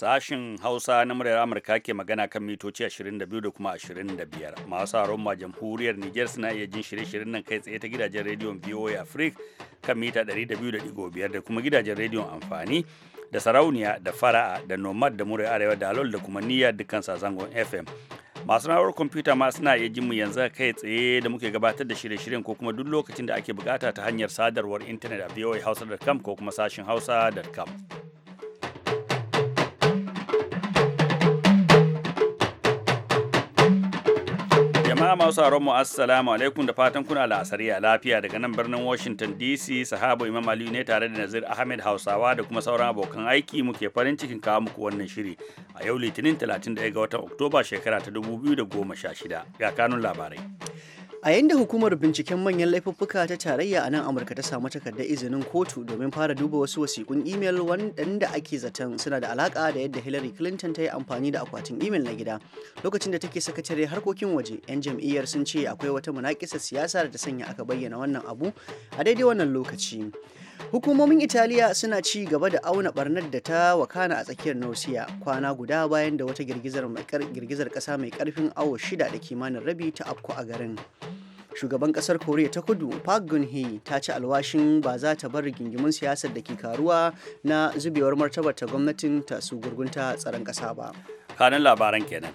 Sashin Hausa na muryar Amurka ke magana kan mitoci 22 da kuma 25. Masu haron ma jamhuriyar niger suna iya jin shirye-shiryen nan kai tsaye ta gidajen rediyon VOA Africa kan mita 200.5 da kuma gidajen rediyon amfani da sarauniya da fara'a da nomad da muryar arewa da alol da kuma niyyar dukkan sazangon FM. Masu na'urar kwamfuta ma suna iya jin mu yanzu kai tsaye da muke gabatar da shirye-shiryen ko kuma duk lokacin da ake bukata ta hanyar sadarwar intanet a hausa.com ko kuma sashin hausa.com. Jama'a masu sauraron mu assalamu alaikum da fatan kuna a lafiya daga nan birnin Washington DC sahabo Imam Aliyu ne tare da Nazir Ahmed Hausawa da kuma sauran abokan aiki muke farin cikin kawo muku wannan shiri a yau Litinin 31 ga watan Oktoba shekara ta 2016 ga kanun labarai. a yayin da hukumar binciken manyan laifuffuka ta tarayya a nan amurka ta samu takardar izinin kotu domin fara duba wasu wasikun imel waɗanda ake zaton suna da alaka da yadda hillary clinton ta yi amfani da akwatin imel na gida lokacin da take sakatare harkokin waje 'yan jam'iyyar sun ce akwai wata munakisar siyasa da ta sanya aka bayyana wannan abu a daidai wannan lokaci Hukumomin Italiya suna ci gaba da auna barnar da ta wakana a tsakiyar Nausiya kwana guda bayan da wata girgizar ƙasa mai ƙarfin awo shida da kimanin rabi ta afko a garin. Shugaban ƙasar Koriya ta kudu Park Geun-hye ta ci alwashin ba za ta bar rigingimun siyasar da ke karuwa na zubewar martabar ta gwamnatin ta su gurgunta tsaron ƙasa ba. Kanan labaran kenan.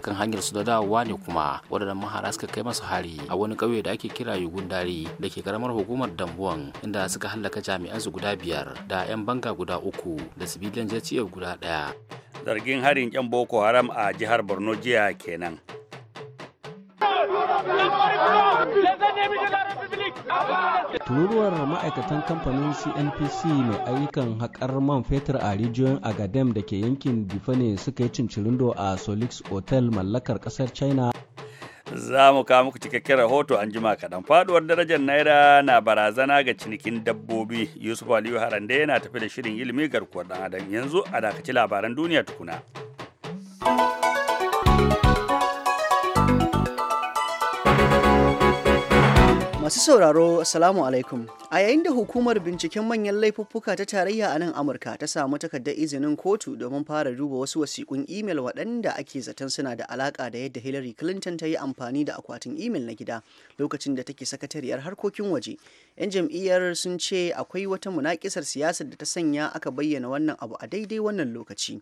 kan hanyar su da dawowa ne kuma waɗannan mahara suka kai masu hari a wani ƙauye da ake kira dari da ke karamar hukumar dambuwan inda suka hallaka jami'an su guda biyar da 'yan banga guda uku da sibiliyan jaciyar guda ɗaya. zargin harin 'yan boko haram a jihar borno jiya kenan. tururuwar ma'aikatan kamfanin cnpc mai ayyukan haƙar man fetur a rijiyoyin agadem da ke yankin difane suka yi cincirindo a solix hotel mallakar ƙasar china za mu kawo muku cikakken rahoto an jima kaɗan faduwar darajar naira na barazana ga cinikin dabbobi yusuf aliyu harande yana tafi da shirin ilimi garkuwar ɗan adam yanzu a dakaci labaran duniya tukuna. Masu sauraro, Assalamu alaikum. A yayin da hukumar binciken manyan laifuffuka ta tarayya a nan Amurka ta samu takardar izinin kotu domin fara duba wasu wasiƙun imel waɗanda ake zaton suna da alaƙa da yadda Hillary Clinton ta yi amfani da akwatin imel na gida lokacin da take sakatariyar harkokin waje. 'Yan jam'iyyar sun ce akwai wata munaƙisar siyasar da ta sanya aka bayyana wannan abu a daidai wannan lokaci.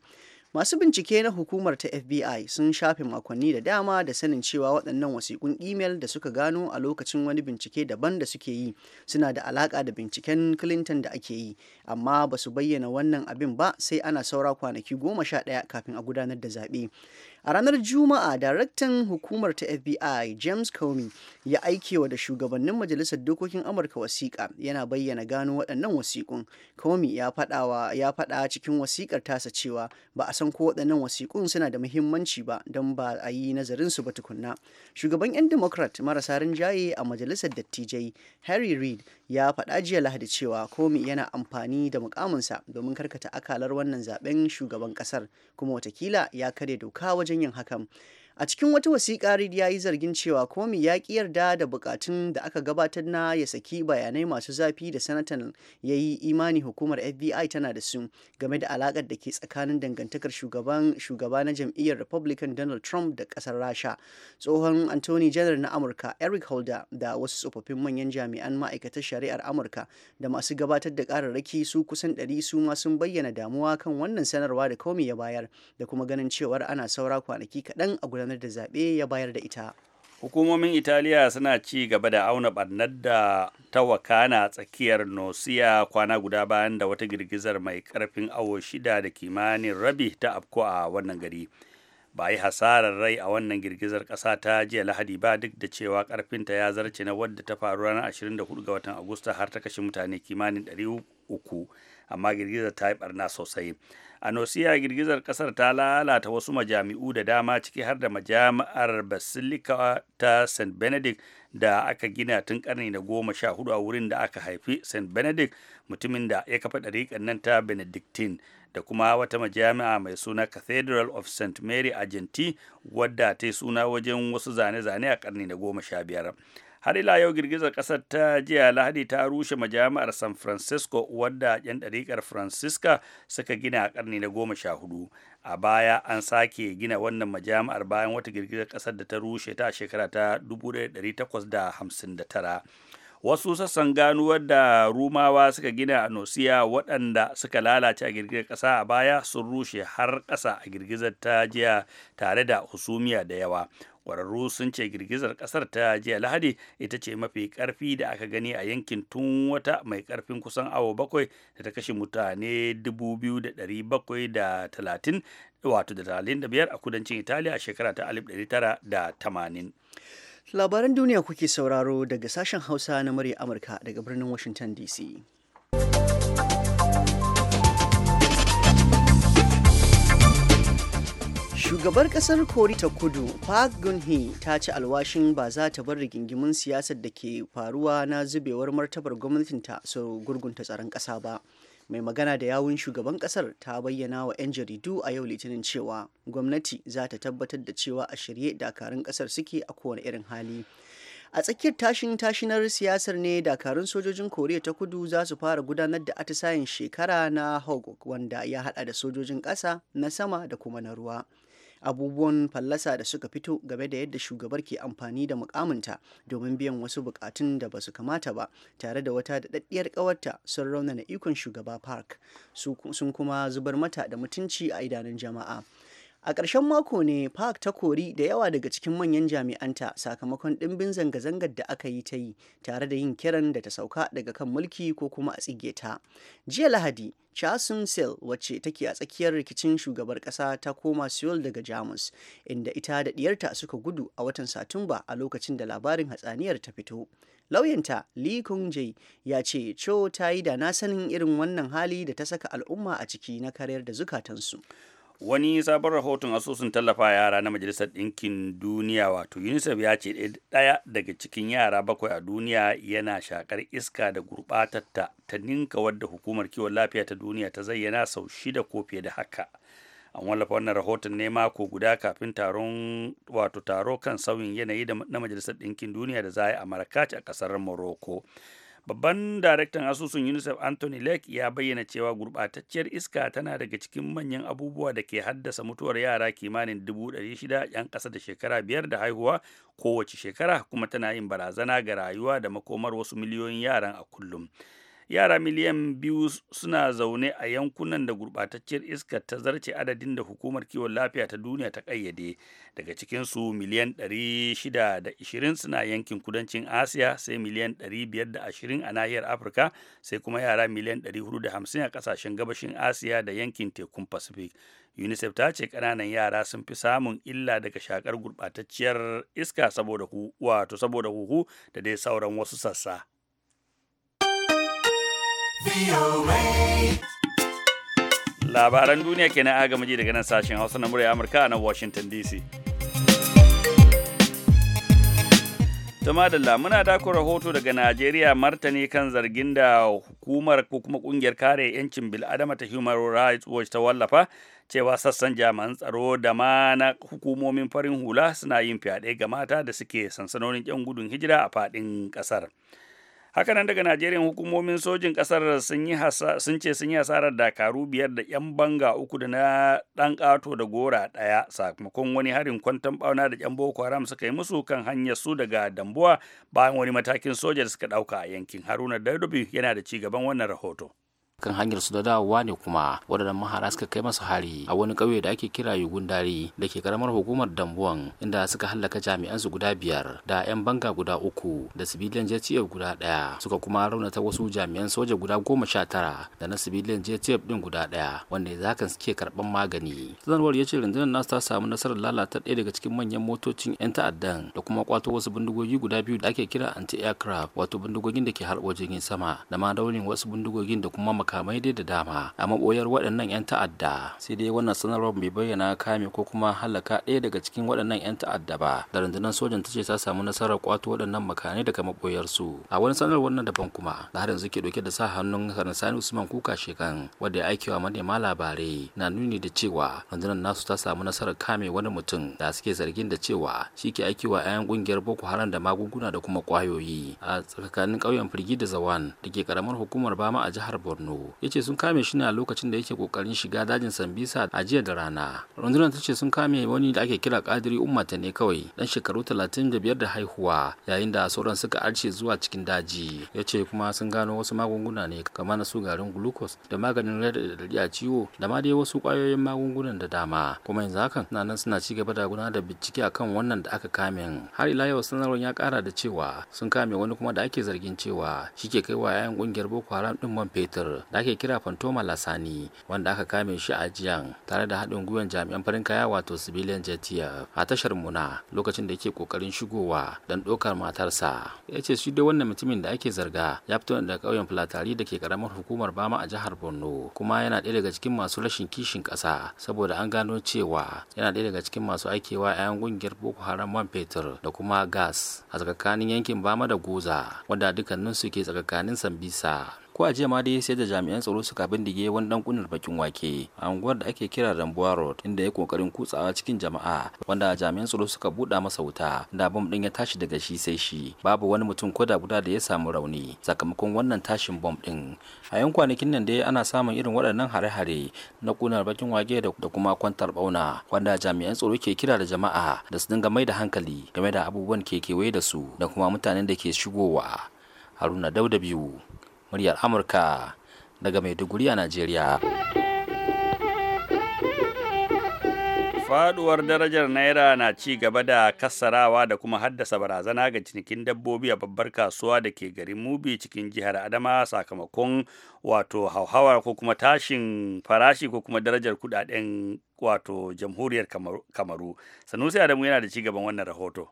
Masu bincike na hukumar ta FBI sun shafe makonni da dama da sanin cewa waɗannan wasiƙun imel da suka gano a lokacin wani bincike daban da suke yi suna da alaƙa da binciken Clinton da ake yi, amma ba su bayyana wannan abin ba sai ana saura kwanaki goma sha ɗaya kafin a gudanar da zaɓe. a ranar juma'a daraktan hukumar ta fbi james comey ya aikewa da shugabannin majalisar dokokin amurka wasiƙa yana bayyana gano waɗannan wasiƙun comey ya faɗa cikin wasiƙar tasa cewa ba a san ko waɗannan wasiƙun suna da muhimmanci ba don ba a yi nazarin su ba tukunna shugaban 'yan democrat marasa rinjaye a majalisar dattijai harry reid ya faɗa jiya lahadi cewa comey yana amfani da mukaminsa domin karkata akalar wannan zaben shugaban ƙasar kuma watakila ya karya doka wajen wajen yin hakan a cikin wata wasiƙa ya yi zargin cewa komi ya ƙi yarda da bukatun da aka gabatar na ya saki bayanai masu zafi da sanatan ya yi imani hukumar fbi tana da su game da alaƙar da ke tsakanin dangantakar shugaban shugaba na jam'iyyar republican donald trump da ƙasar rasha tsohon anthony general na amurka eric holder da wasu tsofaffin manyan jami'an ma'aikatar shari'ar amurka da masu gabatar da ƙararraki su kusan ɗari su ma sun bayyana damuwa kan wannan sanarwa da komi ya bayar da kuma ganin cewar ana saura kwanaki kaɗan a gudan gudanar da zaɓe ya bayar da ita hukumomin italiya suna ci gaba da auna barnar da ta wakana tsakiyar nosiya kwana guda bayan da wata girgizar mai karfin awo shida da kimanin rabi ta afko a wannan gari ba yi hasarar rai a wannan girgizar ƙasa ta jiya lahadi ba duk da cewa ƙarfinta ya zarce na wadda ta faru ranar 24 ga watan agusta har ta kashe mutane kimanin 300 amma girgizar ta yi barna sosai a nosiya girgizar kasar ta lalata wasu majami'u da dama ciki har da majami'ar basilika ta st benedict da aka gina tun karni na goma sha hudu a wurin da aka haifi st benedict mutumin da ya kafa ɗariƙar nan ta benedictine da kuma wata majami'a mai suna cathedral of st mary a wadda ta yi suna wajen wasu zane-zane a karni na goma sha biyar har ila yau girgizar kasar ta jiya lahadi ta rushe majami'ar san francisco wadda 'yan ɗariƙar francisca suka gina a ƙarni na goma sha hudu a baya an sake gina wannan majami'ar bayan wata girgizar kasar da ta rushe ta a shekara ta 1859 wasu sassan ganuwar da rumawa suka gina a nosiya waɗanda suka lalace a girgizar ƙasa a baya sun rushe har ƙasa a girgizar ta jiya tare da husumiya da yawa kwararru sun ce girgizar ƙasar ta jiya lahadi ita ce mafi ƙarfi da aka gani a yankin tun wata mai ƙarfin kusan awo bakwai da ta kashe mutane 2,730 wato da biyar a kudancin italiya a shekara ta 1980 Labaran duniya kuke sauraro daga sashen Hausa na murya Amurka daga birnin Washington DC. Shugabar kasar Kori ta Kudu Park geun ta ci alwashin ba za ta bar rigingimun siyasar da ke faruwa na zubewar martabar gwamnatinta su gurgunta tsaron ƙasa ba. mai magana da yawun shugaban kasar ta bayyana wa 'yan jaridu a yau litinin cewa gwamnati za ta tabbatar da cewa a shirye dakarun kasar suke a kowane irin hali a tsakiyar tashin tashinar siyasar ne dakarun sojojin koriya ta kudu za su fara gudanar da atisayen shekara na hog wanda ya hada da sojojin kasa na sama da kuma na ruwa abubuwan fallasa da suka fito game da yadda shugabar ke amfani da mukaminta domin biyan wasu bukatun da ba su kamata ba tare da wata daɗaɗɗiyar ƙawarta sun raunana ikon shugaba park sun kuma zubar mata da mutunci a idanun jama'a A ƙarshen mako ne Park ta kori da yawa daga cikin manyan jami'anta sakamakon ɗimbin zanga-zangar da aka yi ta yi tare da yin kiran da ta sauka daga kan mulki ko kuma a tsige ta. Jiya Lahadi, Chasun Sel wacce take a tsakiyar rikicin shugabar ƙasa ta koma Seoul daga Jamus, inda ita da ɗiyarta suka gudu a watan Satumba a lokacin da labarin hatsaniyar ta fito. Lauyanta Lee Kung Jae ya ce Cho ta yi da na sanin irin wannan hali da ta saka al'umma a ciki na karyar da zukatansu. wani sabon rahoton asusun tallafa yara na majalisar ɗinkin duniya wato unicef ya ce ɗaya daga cikin yara bakwai a duniya yana shakar iska da gurɓatatta ta ninka wadda hukumar kiwon lafiya ta duniya ta zayyana sau shida ko fiye da haka an wallafa wannan rahoton ne mako guda kafin taron wato taro kan sauyin yanayi na majalisar ɗinkin duniya da za a yi a marrakech a ƙasar morocco babban daraktan asusun unicef anthony lake ya bayyana cewa gurɓatacciyar iska tana daga cikin manyan abubuwa da ke haddasa mutuwar yara kimanin 600 'yan ƙasa da shekara biyar da haihuwa kowace shekara kuma tana yin barazana ga rayuwa da makomar wasu miliyoyin yaran a kullum yara miliyan biyu suna zaune a yankunan da gurɓatacciyar iska ta zarce adadin da hukumar kiwon lafiya ta duniya ta ƙayyade daga cikinsu miliyan 620 suna yankin kudancin asiya sai miliyan 520 a nahiyar afirka sai kuma yara miliyan 450 a ƙasashen gabashin asiya da yankin tekun pacific unicef ta ce ƙananan yara sun fi samun illa daga shakar gurɓatacciyar iska wato saboda huhu da dai sauran wasu sassa Labaran duniya kenan a gama ji daga nan sashen Hausa na murya Amurka a nan Washington DC. Tuma da muna dako rahoto daga Najeriya martani kan zargin da hukumar ko kuma kungiyar kare 'yancin bil'adama ta Human Rights Watch ta wallafa cewa sassan jami'an tsaro da ma na hukumomin farin hula suna yin fyaɗe ga mata da suke sansanonin 'yan gudun hijira a faɗin ƙasar. haka nan daga najeriya hukumomin sojin kasar sun ce sun yi hasarar dakaru biyar da yan banga uku da na ɗan ƙato da gora ɗaya sakamakon wani harin kwantan bauna da yan boko haram suka yi musu kan hanyar su daga dambuwa bayan wani matakin soja da suka ɗauka a yankin haruna dardubi yana da ci gaban wannan rahoto kan hanyar su da dawowa ne kuma waɗannan mahara suka kai masa hari a wani ƙauye da ake kira yugun yugundari da ke karamar hukumar dambuwan inda suka hallaka jami'an su guda biyar da 'yan banga guda uku da sibiliyan jtf guda ɗaya suka kuma raunata wasu jami'an soja guda goma sha tara da na sibiliyan jtf ɗin guda ɗaya wanda ya hakan suke karɓan magani sanarwar ya ce rundunar nasu ta samu nasarar lalata ɗaya daga cikin manyan motocin 'yan ta'addan da kuma kwato wasu bindigogi guda biyu da ake kira anti-aircraft wato bindigogin da ke harbo jirgin sama da ma daunin wasu bindigogin da kuma makamai dai da dama a maboyar waɗannan 'yan ta'adda sai dai wannan sanarwar bai bayyana kame ko kuma halaka ɗaya daga cikin waɗannan 'yan ta'adda ba da rundunar sojan ta ce ta samu nasarar kwato waɗannan makamai daga maboyar su a wani sanarwar nan daban kuma da har yanzu ke ɗauke da sa hannun sani usman kuka shekan wanda ya aikewa manema labarai na nuni da cewa rundunar nasu ta samu nasarar kame wani mutum da suke zargin da cewa shi ke aikewa 'yan kungiyar boko haram da magunguna da kuma kwayoyi a tsakanin kauyen firgi da zawan da ke karamar hukumar bama a jihar borno ya ce sun kame shi ne a lokacin da yake kokarin shiga dajin Sambisa a jiya da rana. Rundunar ta ce sun kame wani da ake kira Kadiri Ummata ne kawai dan shekaru 35 da haihuwa yayin da sauran suka arce zuwa cikin daji. Ya ce kuma sun gano wasu magunguna ne kamar na su garin glucose da maganin radadi a ciwo da ma dai wasu kwayoyin magungunan da dama. Kuma yanzu hakan suna nan suna ci gaba da gudanar da bincike akan wannan da aka kame. Har ila yau sanarwar ya kara da cewa sun kame wani kuma da ake zargin cewa shi ke kai wa 'ya'yan kungiyar Boko Haram din man fetur da ake kira fantoma lasani wanda aka kame shi a jiyan tare da haɗin gwiwan jami'an farin kaya wato civilian jtf a tashar muna lokacin da yake kokarin shigowa don ɗaukar matarsa ya ce shi dai wannan mutumin da ake zarga ya fito daga ƙauyen filatari da ke karamar hukumar bama a jihar borno kuma yana ɗaya daga cikin masu rashin kishin ƙasa saboda an gano cewa yana ɗaya daga cikin masu aikewa 'yan ƙungiyar boko haram man fetur da kuma gas a tsakanin yankin bama da goza wanda dukkaninsu ke tsakanin sambisa ko a jiya ma dai sai da jami'an tsaro suka bindige wani dan kunar bakin wake a unguwar da ake kira Rambuwa Road inda ya kokarin kutsawa cikin jama'a wanda jami'an tsaro suka buɗa masa wuta da bom din ya tashi daga shi sai shi babu wani mutum koda guda da ya samu rauni sakamakon wannan tashin bom din a yan kwanakin nan dai ana samun irin waɗannan hare-hare na kunar bakin wake da kuma kwantar bauna wanda jami'an tsaro ke kira da jama'a da su dinga mai da hankali game da abubuwan ke da su da kuma mutanen da ke shigowa haruna dauda biyu muryar amurka daga maiduguri a najeriya faduwar darajar naira na ci gaba da kassarawa da kuma haddasa barazana ga cinikin dabbobi a babbar kasuwa da ke garin mubi cikin jihar adama sakamakon wato hauhawar ko kuma tashin farashi ko kuma darajar kudaden wato jamhuriyar kamaru sanusi adamu yana da ci gaban wannan rahoto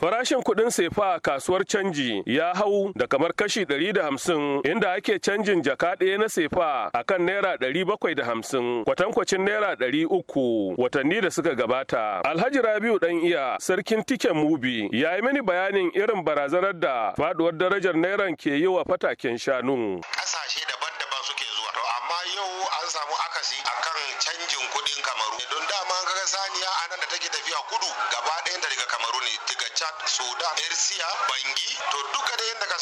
Farashin kuɗin sefa a kasuwar canji ya hau da kamar kashi 150 inda ake canjin jaka ɗaya na sefa a kan naira 750 kwatankwacin naira 300 watanni da suka gabata. Alhaji Rabiu ɗan iya sarkin tiken mubi ya yi mini bayanin irin barazanar da faɗuwar darajar nairan ke yi wa fataken shanu.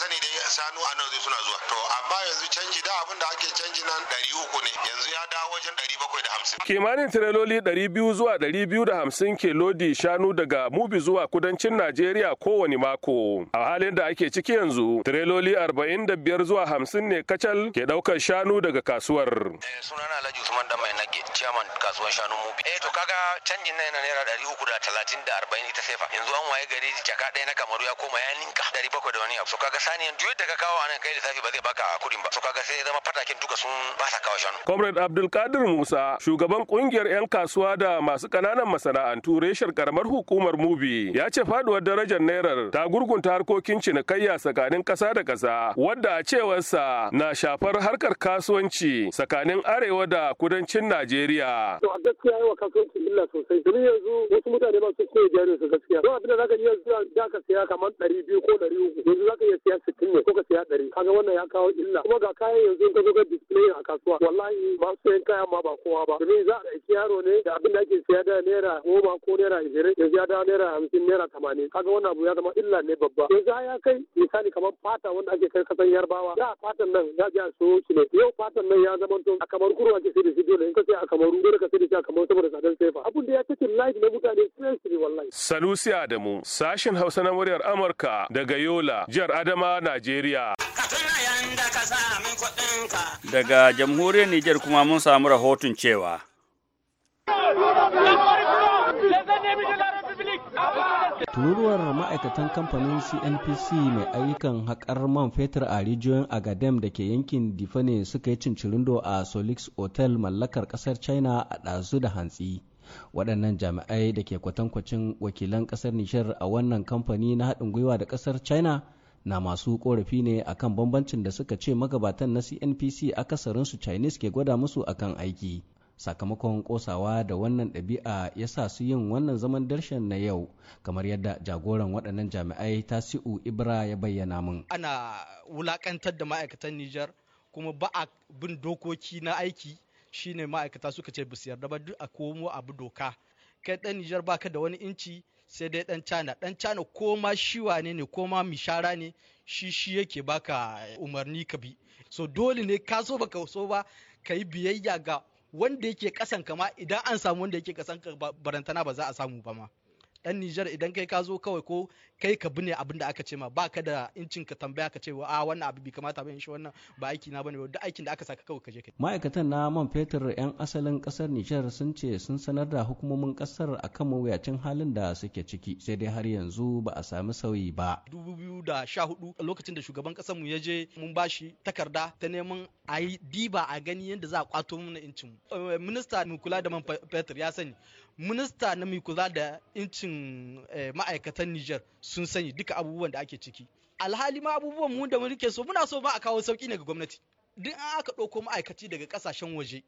sani dai sanu a nan zai suna zuwa to amma yanzu canji da abin da ake canji nan ɗari uku ne yanzu ya dawo wajen ɗari bakwai da hamsin. kimanin tireloli ɗari biyu zuwa ɗari biyu da hamsin ke lodi shanu daga mubi zuwa kudancin najeriya kowane mako a halin da ake ciki yanzu tireloli arba'in da biyar zuwa hamsin ne kacal ke ɗaukar shanu daga kasuwar. Eh, sunana alhaji usman dan mai nage ciyaman kasuwar shanu mubi. eh to kaga canjin nan yana naira ɗari uku da talatin da arba'in ita sefa yanzu an waye gari jaka ɗaya na kamaru ya koma ya ninka ɗari bakwai da wani abu so kaga saniyan duk da ka kawo anan kai lissafi ba zai baka kudin ba to kaga sai zama fatakin duka sun ba sa kawo shanu comrade abdulkadir musa shugaban kungiyar yan kasuwa da masu kananan masana'antu reshar karamar hukumar mubi ya ce faduwar darajar nairar ta gurgunta harkokin cinikayya tsakanin kasa da kasa wadda a cewarsa na shafar harkar kasuwanci tsakanin arewa da kudancin najeriya to a gaskiya yawa kasuwanci illa sosai domin yanzu wasu mutane ba su so jarin su gaskiya don abin da zaka iya zuwa da ka siya kamar ɗari biyu ko ɗari uku yanzu zaka iya siya kayan sittin ne ko ka siya ɗari kaga wannan ya kawo illa kuma ga kayan yanzu ka zo ka display a kasuwa wallahi masu sayan kaya ma ba kowa ba domin za a ɗauki yaro ne da abin da ake siya da naira goma ko naira ishirin yanzu ya dawo naira hamsin naira tamanin kaga wannan abu ya zama illa ne babba yanzu ya kai misali kamar fata wanda ake kai kasan yarbawa da fatan nan ya ji a siyo shi ne yau fatan nan ya zama to a kamar kuro ake sai da shi dole in ka sai a kamar dole ka sai da shi a kamar saboda tsadar sefa abin da ya kace life na mutane sai wallahi Sanusi Adamu sashin Hausa na muryar Amurka daga Yola jihar adamu zama Najeriya. Daga jamhuriyar Nijar kuma mun samu rahoton cewa. Tururuwar ma'aikatan kamfanin CNPC mai ayyukan haƙar man fetur a rijiyoyin Agadem da ke yankin Difane suka yi cincirindo a Solix Hotel mallakar ƙasar China a ɗazu da hantsi. waɗannan jami'ai da ke kwatankwacin wakilan ƙasar nishar a wannan kamfani na haɗin gwiwa da ƙasar china na masu korafi ne akan bambancin da suka ce magabatan na CNPC akasarin su Chinese ke gwada musu akan aiki. Sakamakon kosawa da wannan ɗabi'a ya sa su yin wannan zaman darshen na yau, kamar yadda jagoran waɗannan jami'ai Tasi'u Ibra ya bayyana min. Ana wulakantar da ma'aikatan Nijar kuma ba a bin dokoki na aiki shine ma'aikata suka ce bisu yarda ba duk a komo abu doka. Kai ɗan Nijar baka da wani inci sai dai dan cana dan cana ko ma shi wane ne ko ma mishara ne shi shi yake baka umarni ka bi so dole ne ka so baka so ba ka yi biyayya ga wanda yake kasan kama idan an samu wanda yake kasan ka barantana ba za a samu ba ma yan Nijar idan kai ka zo kawai ko kai ka bi ne abin da aka ce ma ba ka da incin ka tambaya ka ce wa a wannan abu bai kamata ba shi wannan ba aiki na bane duk aikin da aka saka kawai ka je ka ma'aikatan na man fetur yan asalin kasar Nijar sun ce sun sanar da hukumomin kasar akan mawuyacin halin da suke ciki sai dai har yanzu ba a sami sauyi ba 2014 lokacin da shugaban kasar mu ya je mun bashi takarda ta neman a yi diba a gani yadda za a kwato mana incin eh, minista mu kula da man fetur ya sani minista na mai kula da incin eh, ma'aikatan Nijar sun sani duka abubuwan da ake ciki. Alhali ma abubuwan mu da muke so muna so ma a kawo sauki ne ga gwamnati. Duk an aka ɗauko ma'aikaci daga ƙasashen waje.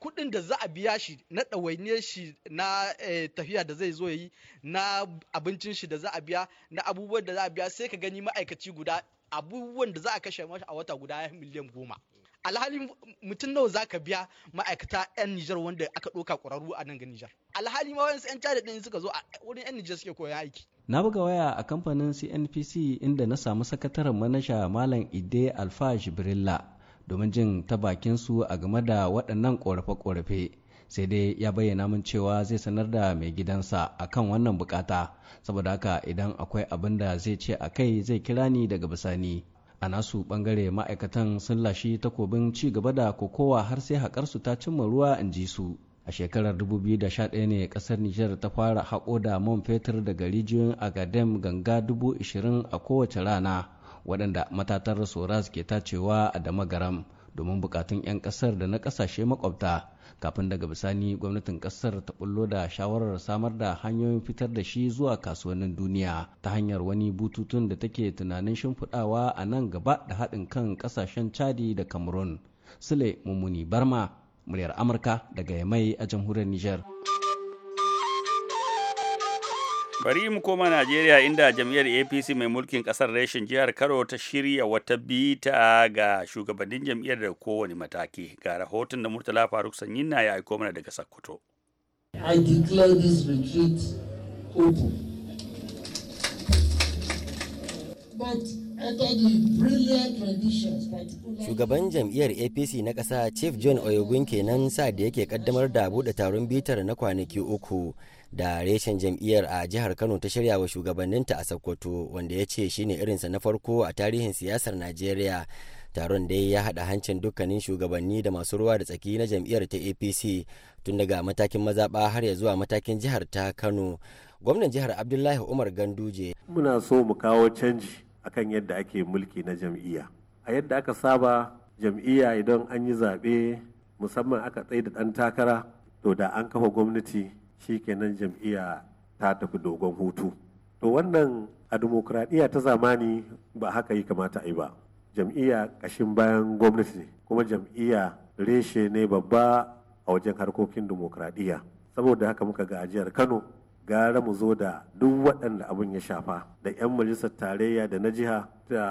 Kuɗin da za a biya shi na ɗawainiyar shi na eh, tafiya da zai zo yi na abincin shi da za a biya na abubuwan da za a biya sai ka gani ma'aikaci guda abubuwan da za a kashe masa a wata guda miliyan goma. alhali mutum nawa zaka biya ma'aikata yan Nijar wanda aka ɗauka ƙwararru a nan ga Nijar alhali ma wayansu yan Chad ɗin suka zo a wurin yan Nijar suke koyan aiki na buga waya a kamfanin CNPC inda na samu sakataren manasha Malam Ide Alfa Jibrilla domin jin ta bakin su a game da waɗannan ƙorafe-ƙorafe sai dai ya bayyana min cewa zai sanar da mai gidansa a kan wannan bukata saboda haka idan akwai abin da zai ce a kai zai kira ni daga bisani a nasu bangare ma'aikatan sun lashe takobin ci gaba da kokowa har sai haƙarsu ta cimma ruwa in ji su a shekarar 2011 ne kasar Nijar ta fara haƙo da man fetur daga rijiyoyin agadem ganga 20,000 a kowace rana waɗanda matatar soras ke tacewa a damagaram domin bukatun 'yan ƙasar da na ƙasashe makwabta kafin daga bisani gwamnatin kasar ta bullo da shawarar samar da hanyoyin fitar da shi zuwa kasuwannin duniya ta hanyar wani bututun da take tunanin shimfiɗawa a nan gaba da haɗin kan ƙasashen chadi da cameroon sule mummuni barma muryar amurka daga yamai a jamhuriyar niger bari mu koma najeriya inda jam'iyyar apc mai mulkin kasar reshen jihar karo ta shirya wata bita ga shugabannin jam'iyyar da kowane mataki ga rahoton da murtala faruk sanyin na ya aiko mana daga sakkwato Shugaban jam'iyyar APC na ƙasa Chief John oyogun kenan sa da yake kaddamar da buɗe taron bitar na kwanaki uku da reshen jam'iyyar a jihar kano ta shirya wa shugabanninta a sokoto wanda ya ce shine irinsa na farko a tarihin siyasar najeriya taron dai ya haɗa hancin dukkanin shugabanni da masu ruwa da tsaki na jam'iyyar ta apc tun daga matakin mazaba har ya zuwa matakin jihar ta kano gwamnan jihar abdullahi umar ganduje muna so mu kawo canji akan yadda ake mulki na jam'iyya a yadda aka saba jam'iyya idan an yi zaɓe musamman aka tsaye da ɗan takara to da an kafa gwamnati shi shikenan jam'iyya ta tafi dogon hutu to wannan a dimokuraɗiyya ta zamani ba haka yi kamata a yi ba jam'iyya ƙashin bayan gwamnati ne kuma jam'iyya reshe ne babba a wajen harkokin dimokuraɗiyya saboda haka muka ga ajiyar kano gara mu zo da duk waɗanda abin ya shafa da 'yan majalisar tarayya da na jiha da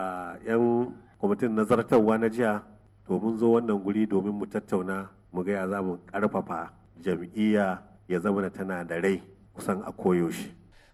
'yan kwamitin nazartarwa na jiha to mun zo wannan guri domin mu tattauna mu gaya ya za mu ƙarfafa jam'iyya ya zama tana da rai kusan a koyaushe.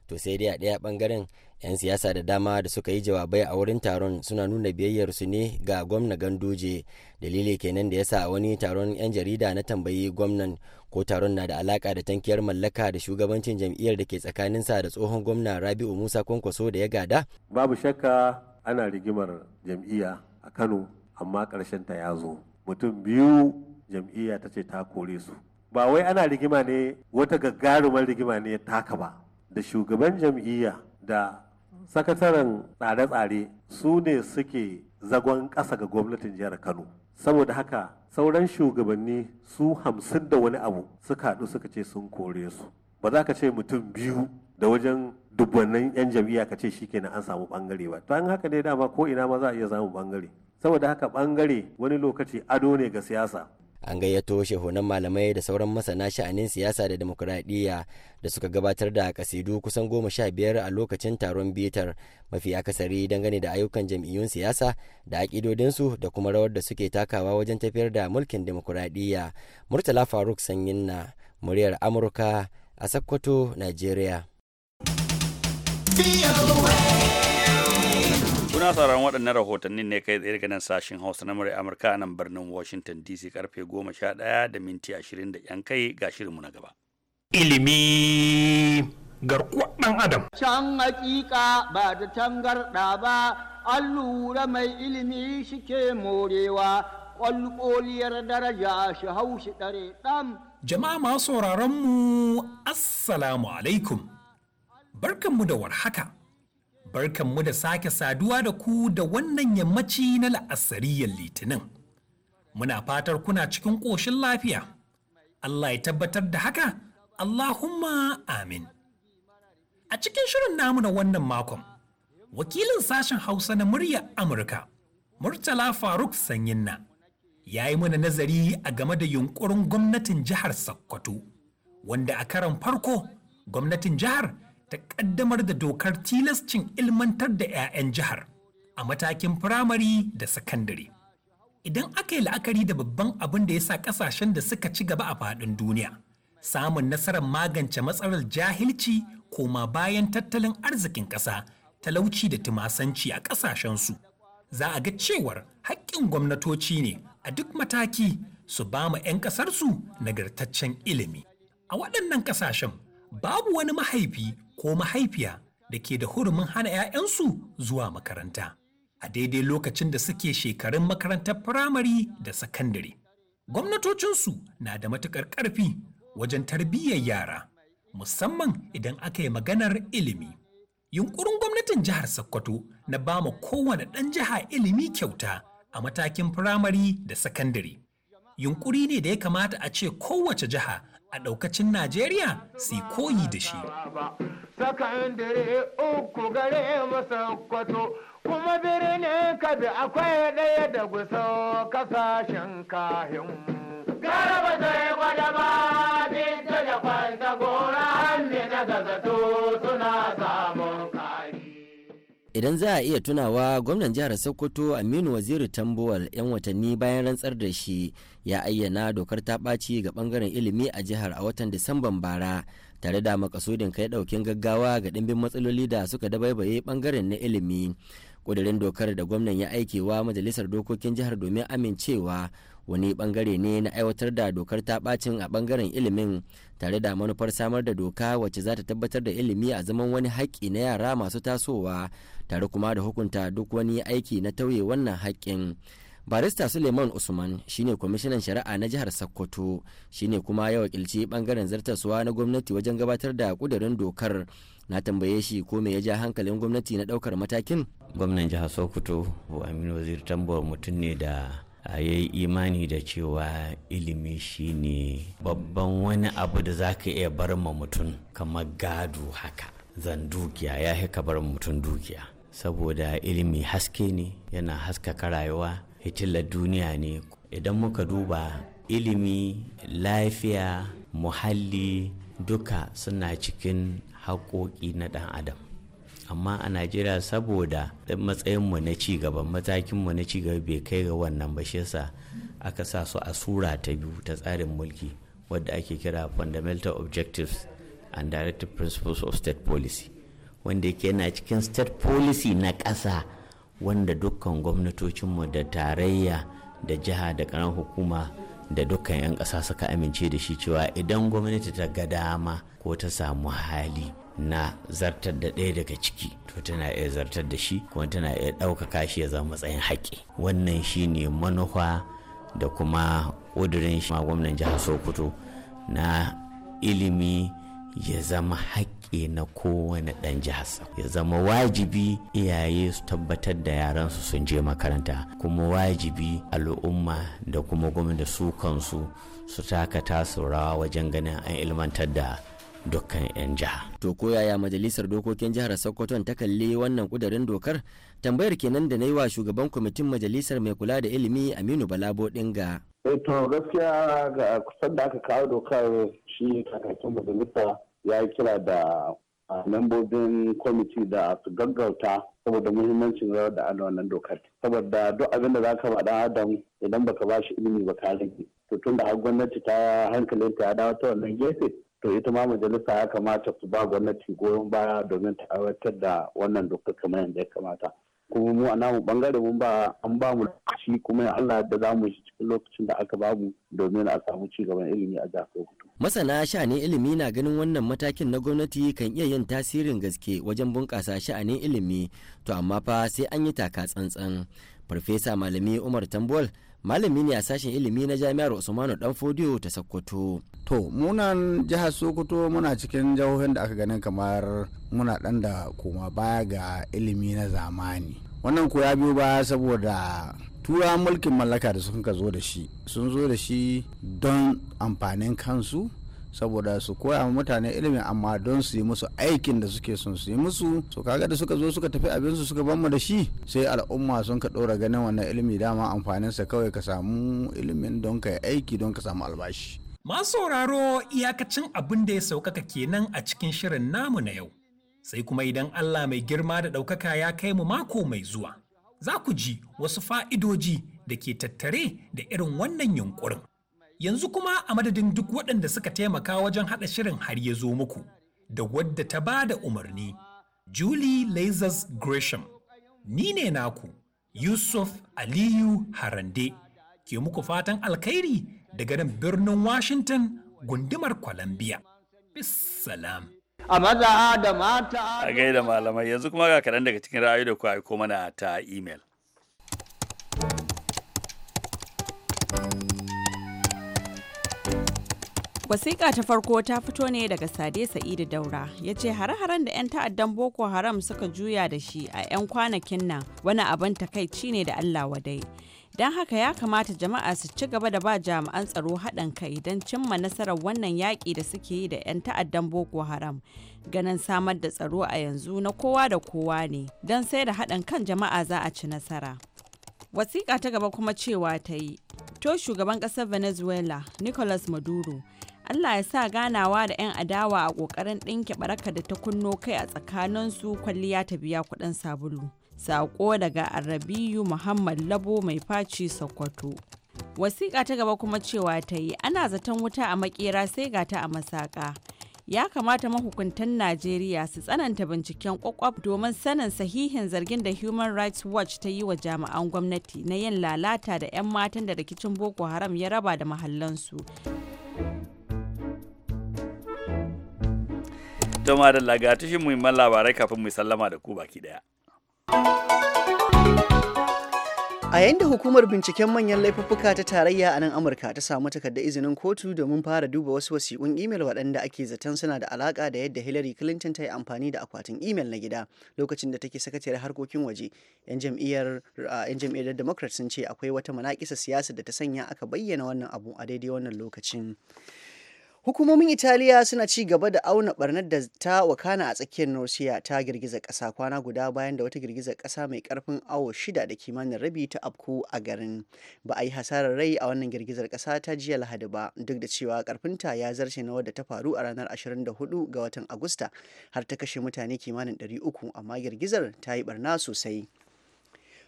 to sai dai a ɗaya ɓangaren 'yan siyasa da dama da suka yi jawabai a wurin taron suna nuna biyayyar su ne ga gwamna ganduje dalili kenan da ya sa wani taron 'yan jarida na tambayi gwamnan ko taron na da alaka da tankiyar mallaka da shugabancin jam'iyyar da ke sa da tsohon gwamna rabi'u musa kwankwaso da ya gada babu shakka ana rigimar jam'iyya a kano amma ƙarshen ta ya zo mutum biyu jam'iyya ta ce ta kore su ba wai ana rigima ne wata gagarumar rigima ne taka ba da shugaban jam'iyya da sakataren tsare-tsare su ne suke zagon ƙasa ga gwamnatin jihar kano saboda haka sauran shugabanni su hamsin da wani abu suka haɗu suka ce sun kore su ba za ka ce mutum biyu da wajen dubbannin 'yan jam'iyya ka ce shikenan an samu bangare ba to haka ne dama ko ina ma za a iya samun bangare saboda haka bangare wani lokaci ado ne ga siyasa an gayyato shehunan malamai da sauran masana sha'anin siyasa da demokuraɗiyya da suka gabatar da kasidu kusan goma sha biyar a lokacin taron bitar mafi akasari dangane da ayyukan jam'iyyun siyasa da aƙidodinsu da kuma rawar da suke takawa wajen tafiyar da mulkin demokuraɗiyya murtala faruk sanyin na muryar amurka a sakkwato nigeria. Be na sauraron waɗannan rahotannin ne kai tsaye ganin sashen hausa na murai amurka a nan birnin washington dc karfe 11 da minti 20 da yan kai ga shirinmu na gaba ilimi garkuwar ɗan adam can hakika ba da tangarɗa ba an lura mai ilimi shi ke morewa ƙwalƙoliyar daraja shi hau ɗare ɗan jama'a masu sauraronmu assalamu alaikum barkanmu da warhaka barkanmu da sake saduwa da ku da wannan yammaci na la'asariyar litinin. Muna fatar kuna cikin ƙoshin lafiya. Allah ya tabbatar da haka, Allahumma amin. A cikin shirin namu na wannan makon, wakilin sashen Hausa na murya Amurka, Murtala Faruk Sanyinna, ya yi mana nazari a game da yunkurin gwamnatin jihar Sokoto, wanda a karan farko gwamnatin jihar ta ƙaddamar da dokar tilascin ilmantar da 'ya'yan jihar a matakin firamare da sakandare. Idan aka yi la'akari da babban abin da ya sa ƙasashen da suka ci gaba a faɗin duniya, samun nasarar magance matsalar jahilci koma bayan tattalin arzikin ƙasa, talauci da tumasanci a ƙasashensu. Za a ga cewar haƙƙin gwamnatoci ne a duk mataki su ba ma 'yan ƙasarsu nagartaccen ilimi. A waɗannan ƙasashen babu wani mahaifi ko mahaifiya da ke da hurumin hana 'ya'yansu zuwa makaranta a daidai lokacin da suke shekarun makarantar firamare da sakandare. Gwamnatocinsu na da matuƙar ƙarfi wajen tarbiyyar yara, musamman idan aka yi maganar ilimi. Yunƙurin gwamnatin jihar Sokoto na ba ma kowane ɗan jiha ilimi kyauta a matakin firamare da sakandare. Yunƙuri ne da ya kamata a ce kowace jiha a ɗaukacin Najeriya sai koyi da shi. sakan dire uku gare masa kwato kuma birnin kabi akwai ɗaya da gusa kasashen kahin garaba zai gwada ba binta da kwanta gora hannu na gazato suna samun idan za a iya tunawa gwamnan jihar sokoto aminu waziri tambuwal 'yan watanni bayan rantsar da shi ya ayyana dokar ta ɓaci ga ɓangaren ilimi a jihar a watan disamban bara tare da makasudin kai daukin gaggawa ga dimbin matsaloli da suka dabaibaye bangaren na ilimi kudirin dokar da gwamnan ya aikewa majalisar dokokin jihar domin amincewa wani bangare ne na aiwatar da dokar ta bacin a bangaren ilimin tare da manufar samar da doka wacce za ta tabbatar da ilimi a zaman wani haƙƙi na yara masu tasowa tare kuma da hukunta duk wani aiki na tauye wannan haƙƙin barista suleiman usman shine kwamishinan shari'a na jihar sokoto shine kuma ya wakilci bangaren zartaswa na gwamnati wajen gabatar da kudirin dokar na tambaye shi ko mai ya ja hankalin gwamnati na daukar matakin gwamnan jihar sokoto aminu wazir tambawar mutum ne da ya yi imani da cewa ilimi shine babban wani abu da za ka iya bar ma mutum kamar gado haka zan dukiya ya ka bar mutum dukiya saboda ilimi haske ne yana haskaka rayuwa hitilar duniya ne idan muka duba ilimi lafiya muhalli duka suna cikin haƙoƙi na ɗan adam amma a najeriya saboda matsayinmu na cigaba matakinmu na cigaba bai kai ga wannan ba shi aka sa su a sura ta biyu ta tsarin mulki wadda ake kira fundamental objectives and directive principles of state policy wanda yake yana cikin state policy na ƙasa wanda dukkan gwamnatocinmu da tarayya da jiha da karan hukuma da dukkan 'yan ƙasa suka amince da shi cewa idan gwamnati ta ga dama ko ta samu hali na zartar da ɗaya daga ciki to tana iya zartar da shi kuma tana iya ɗaukaka shi ya zama matsayin haƙƙi wannan shi ne manufa da kuma ƙudurin shi gwamnan jihar sokoto na ilimi ya zama haƙƙi haƙƙi na kowane ɗan jihar ya zama wajibi iyaye su tabbatar da yaran su sun je makaranta kuma wajibi al'umma da kuma gwamnati su kansu su taka tasu rawa wajen ganin an ilmantar da dukkan 'yan jiha. To ko yaya majalisar dokokin jihar sokoto ta kalli wannan kudarin dokar tambayar kenan da na yi wa shugaban kwamitin majalisar mai kula da ilimi Aminu Balabo Dinga. Eh, to gaskiya ga kusan da aka kawo dokar shi kakakin majalisa ya yi kira da membobin kwamiti da su gaggauta saboda muhimmancin rawar da ana wannan dokar saboda duk abin da za ka ba dan adam idan baka ba shi ilimi ba ka rage to tun da har gwamnati ta hankalinta ya dawo ta wannan gefe to ita ma majalisa ya kamata su ba gwamnati goyon baya domin ta aiwatar da wannan dokar kamar yadda ya kamata kuma mu a namu bangare mun ba an ba mu lokaci kuma ya Allah da za mu shi cikin lokacin da aka ba domin a samu ci gaban ilimi a jihar Sokoto. Masana sha'anin ilimi na ganin wannan matakin na gwamnati kan iya yin tasirin gaske wajen bunƙasa sha'anin ilimi to amma fa sai an yi taka tsantsan. Farfesa Malami Umar Tambol malami ne a sashen ilimi na jami'ar usmanu dan fodiyo ta sokoto to munan jihar sokoto muna cikin jihohin da aka ganin kamar muna dan da koma baya ga ilimi na zamani wannan ko ya biyo baya saboda tura mulkin mallaka da suka zo da shi sun zo da shi don amfanin kansu saboda su koya wa mutane ilimin amma don su yi musu aikin da suke son su yi musu su kaga da suka zo suka tafi abin su suka mu da shi sai al'umma sun ka dora ganin wannan ilimi dama amfanin sa kawai ka samu ilimin don ka yi aiki don ka samu albashi masu sauraro iyakacin abin da ya saukaka kenan a cikin shirin namu na yau sai kuma idan Allah mai girma da ɗaukaka ya kai mu mako mai zuwa za ku ji wasu fa'idoji da ke tattare da irin wannan yunkurin Yanzu kuma a madadin duk waɗanda suka taimaka wajen haɗa shirin har ya zo muku, da wadda ta ba da umarni, Julie Lazarus Gresham. Ni ne naku, Yusuf Aliyu Harande, ke muku fatan alkhairi da nan birnin Washington, gundumar Columbia. bisalam A maza da mata. A gaida malamai yanzu kuma ga kaɗan daga cikin ra'ayi da ku aiko mana ta imel. Wasiƙa ta farko ta fito ne daga Sade Sa'idu Daura ya ce hare-haren da 'yan ta'addan Boko Haram suka juya da shi a 'yan kwanakin nan wani abin takaici ne da Allah wadai. Don haka ya kamata jama'a su ci gaba da ba jami'an tsaro haɗin kai don cimma nasarar wannan yaƙi da suke yi da 'yan ta'addan Boko Haram. Ganin samar da tsaro a yanzu na kowa da kowa ne don sai da haɗin kan jama'a za a ci nasara. Wasiƙa ta gaba kuma cewa ta yi, to shugaban ƙasar Venezuela Nicolas Maduro Allah ya sa ganawa da 'yan adawa a ƙoƙarin ɗinke baraka da ta kunno kai a tsakanin su kwalliya ta biya kuɗin sabulu. Saƙo daga Arabiyu Muhammad Labo mai faci Sokoto. Wasiƙa ta gaba kuma cewa ta yi ana zaton wuta a makera sai ga ta a masaƙa Ya kamata mahukuntan Najeriya su tsananta binciken kwakwaf domin sanin sahihin zargin da Human Rights Watch ta yi wa jami'an gwamnati na yin lalata da 'yan matan da rikicin Boko Haram ya raba da mahallansu. to madalla ga tushen muhimman labarai kafin mu sallama da ku baki daya A yayin da hukumar binciken manyan laifuffuka ta tarayya a nan Amurka ta samu takardar izinin kotu domin fara duba wasu wasiƙun imel waɗanda ake zaton suna da alaƙa da yadda Hillary Clinton ta yi amfani da akwatin imel na gida lokacin da take sakatare harkokin waje. 'Yan jam'iyyar uh, jam'iyyar Democrat sun ce akwai wata manaƙisa siyasa da ta sanya aka bayyana wannan abu a daidai wannan lokacin. Hukumomin Italiya suna ci gaba da auna barnar da ta wakana a tsakiyar Norsiya ta girgizar ƙasa kwana guda bayan da wata girgizar ƙasa mai ƙarfin awo shida da kimanin rabi ta afku a garin. Ba a yi hasarar rai a wannan girgizar ƙasa ta jiya Lahadi ba duk da cewa ƙarfinta ya zarce na wadda ta faru a ranar 24 ga watan Agusta har ta kashe mutane kimanin 300 amma girgizar ta yi barna sosai.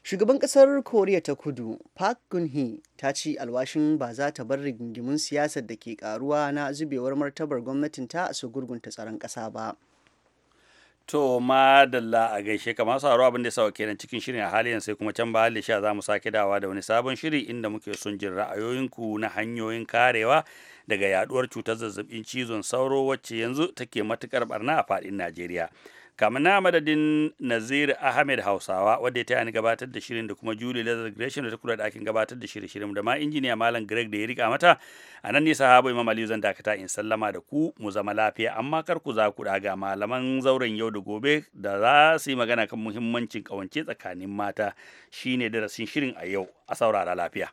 Shugaban kasar Koriya ta Kudu Park Geun-hye ta ci alwashin ba za ta bar rigingimun siyasar da ke karuwa na zubewar martabar gwamnatinta su gurgunta tsaron kasa ba. To madalla a gaishe kamar sauraro abin da sawa kenan cikin shirin a halin sai kuma can ba halin sha za mu sake dawa da wani sabon shiri inda muke son jin ra'ayoyinku na hanyoyin karewa daga yaduwar cutar zazzabin cizon sauro wacce yanzu take matukar barna a fadin Najeriya. kamar na madadin nazir ahmed hausawa wadda ta ni gabatar da shirin da kuma julie leather gresham da ta kula da aikin gabatar da shirye-shiryen da ma injiniya malam greg da ya rika mata a nan nisa habu imam aliyu zan dakata in sallama da ku mu zama lafiya amma kar ku za ku ga malaman zauren yau da gobe da za su yi magana kan muhimmancin kawance tsakanin mata shine darasin shirin a yau a saurara lafiya